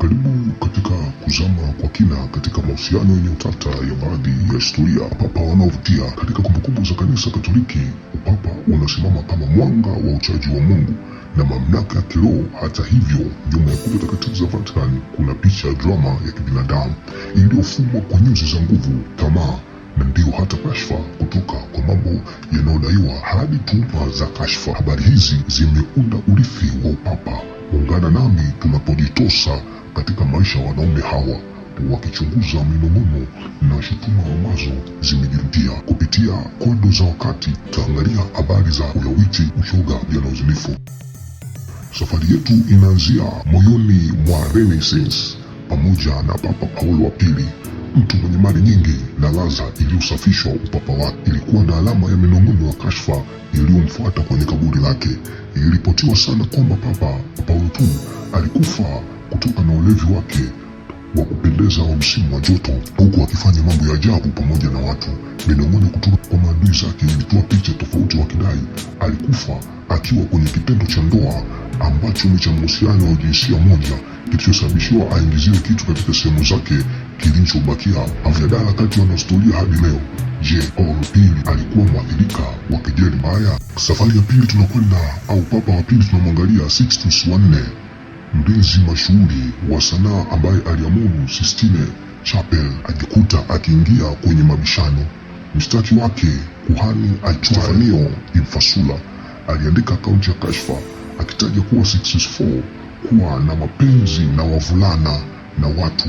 Karibu katika kuzama kwa kina katika mahusiano yenye utata ya baadhi ya historia papa wanaovutia katika kumbukumbu za kanisa Katoliki. Upapa unasimama kama mwanga wa uchaji wa Mungu na mamlaka ya kiroho. Hata hivyo, nyuma ya kuta takatifu za Vatican kuna picha ya drama ya kibinadamu iliyofumwa kwa nyuzi za nguvu, tamaa na ndiyo hata kashfa kutoka kwa mambo yanayodaiwa hadi tuhuma za kashfa. Habari hizi zimeunda urithi wa upapa. Ungana nami tunapojitosa katika maisha ya wanaume hawa wakichunguza minong'ono na shutuma ambazo zimejirudia kupitia kondo za wakati. Taangalia habari za uyawichi, ushoga, jana uzinifu. Safari yetu inaanzia moyoni mwa Renaissance pamoja na Papa Paulo wa Pili, mtu mwenye mali nyingi na laza iliyosafishwa upapa wake ilikuwa na alama ya minong'ono ya kashfa iliyomfuata kwenye kaburi lake. Iliripotiwa sana kwamba Papa Paulo tu alikufa kutoka na ulevi wake wa kupendeza wa msimu wa joto, huku akifanya mambo ya ajabu pamoja na watu. Miongoni kutoka kwa maadui zake ilitoa picha tofauti, wakidai alikufa akiwa kwenye kitendo cha ndoa ambacho ni cha mahusiano wa jinsia moja kilichosababishiwa aingiziwe kitu katika sehemu zake kilichobakia. avyadala kati ya wanahistoria hadi leo. Je, Paulo pili alikuwa mwathirika wa kejeli mbaya? Safari ya pili tunakwenda au papa wa pili tunamwangalia Sixtus wa nne mlinzi mashuhuri wa sanaa ambaye aliamuru Sistine Chapel ajikuta akiingia kwenye mabishano. Mshtaki wake kuhani Epifanio Infasula aliandika akaunti ya kashfa akitaja kuwa 664 kuwa na mapenzi na wavulana na watu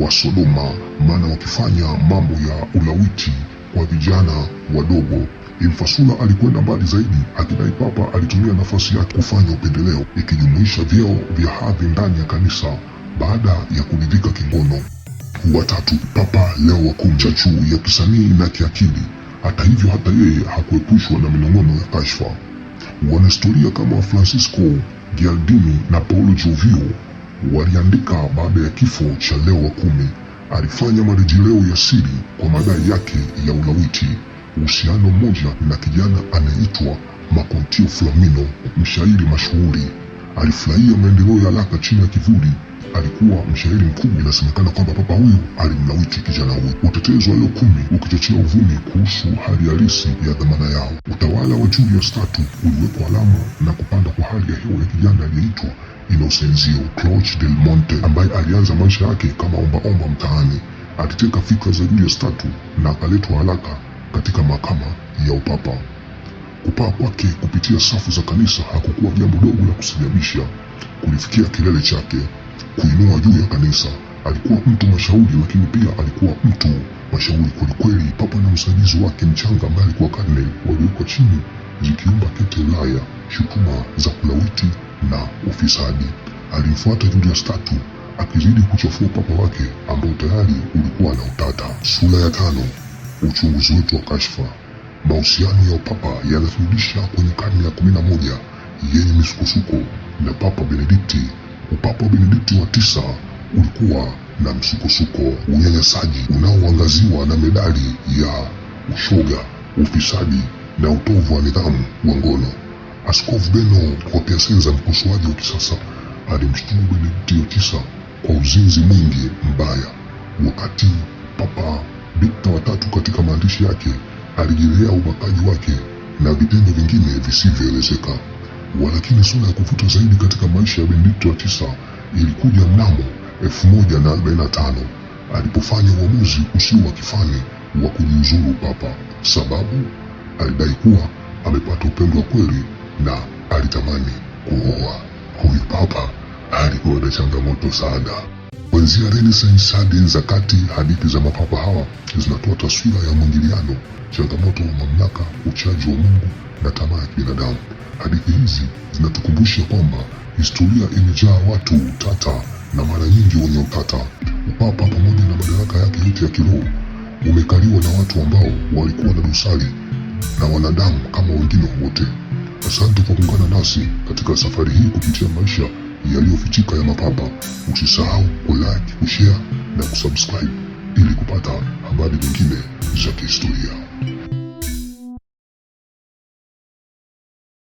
wa Sodoma, maana wakifanya mambo ya ulawiti kwa vijana wadogo Infasula alikwenda mbali zaidi. akidai papa alitumia nafasi yake kufanya upendeleo, ikijumuisha vyeo vya hadhi ndani ya kanisa baada ya kuridhika kingono. Watatu, Papa Leo wa kumi, ya kisanii na kiakili. Hata hivyo, hata yeye hakuepushwa na minong'ono ya kashfa. Wanahistoria kama Francisco gialdini na paulo Jovio waliandika baada ya kifo cha Leo wa kumi alifanya marejeleo ya siri kwa madai yake ya ulawiti uhusiano mmoja na kijana anayeitwa Makontio Flamino, mshairi mashuhuri. Alifurahia maendeleo ya haraka chini ya kivuli alikuwa mshairi mkubwa. Inasemekana kwamba papa huyu alimlawiti kijana huyu. Utetezi wa leo kumi ukichochea uvumi kuhusu hali halisi ya dhamana yao. Utawala wa Julius tatu uliwekwa alama na kupanda kwa hali ya hewa ya kijana aliyeitwa Inocencio Cloch del Monte ambaye alianza maisha yake kama ombaomba mtaani. Aliteka fikra za Julius tatu na akaletwa haraka katika mahakama ya upapa. Kupaa kwake kupitia safu za kanisa hakukuwa jambo dogo la kusijabisha. Kulifikia kilele chake, kuinua juu ya kanisa, alikuwa mtu mashauri, lakini pia alikuwa mtu mashauri kwelikweli. Papa na msaidizi wake mchanga, ambaye alikuwa kardinali, waliwekwa chini, zikiumba kete Ulaya shutuma za kulawiti na ufisadi. Alimfuata Julius tatu akizidi kuchafua papa wake ambao tayari ulikuwa na utata. Sura ya tano uchunguzi wetu wa kashfa. Mahusiano ya upapa yanathibitisha kwenye karne ya 11 na yenye misukosuko na Papa Benedikti. Upapa wa Benedikti wa tisa ulikuwa na msukosuko, unyanyasaji unaoangaziwa na medali ya ushoga, ufisadi na utovu wa nidhamu wa ngono. Askofu Beno wa Piasenza, mkosoaji wa kisasa, alimshutumu Benedikti wa tisa kwa uzinzi mwingi mbaya wakati papa Dukta watatu katika maandishi yake alijelea ubakaji wake na vitendo vingine visivyoelezeka. Walakini sura ya kuvuta zaidi katika maisha ya Benedikto wa tisa ilikuja mnamo 1045 alipofanya uamuzi usio wa kifani wa kujiuzuru papa Sababu alidai kuwa amepata upendo wa kweli na alitamani kuoa. Huyu papa alikuwa na changamoto sana. Kuanzia Renaissance hadi za kati, hadithi za mapapa hawa zinatoa taswira ya mwingiliano, changamoto, wa mamlaka, uchaji wa Mungu na tamaa ya kibinadamu. Hadithi hizi zinatukumbusha kwamba historia imejaa watu tata na mara nyingi wenye utata. Upapa pamoja na madaraka yake yote ya kiroho umekaliwa na watu ambao walikuwa na dosari na wanadamu kama wengine wote. Asante kwa kuungana nasi katika safari hii kupitia maisha yaliyofichika ya Mapapa. Usisahau kulike, kushare na kusubscribe ili kupata habari nyingine za kihistoria.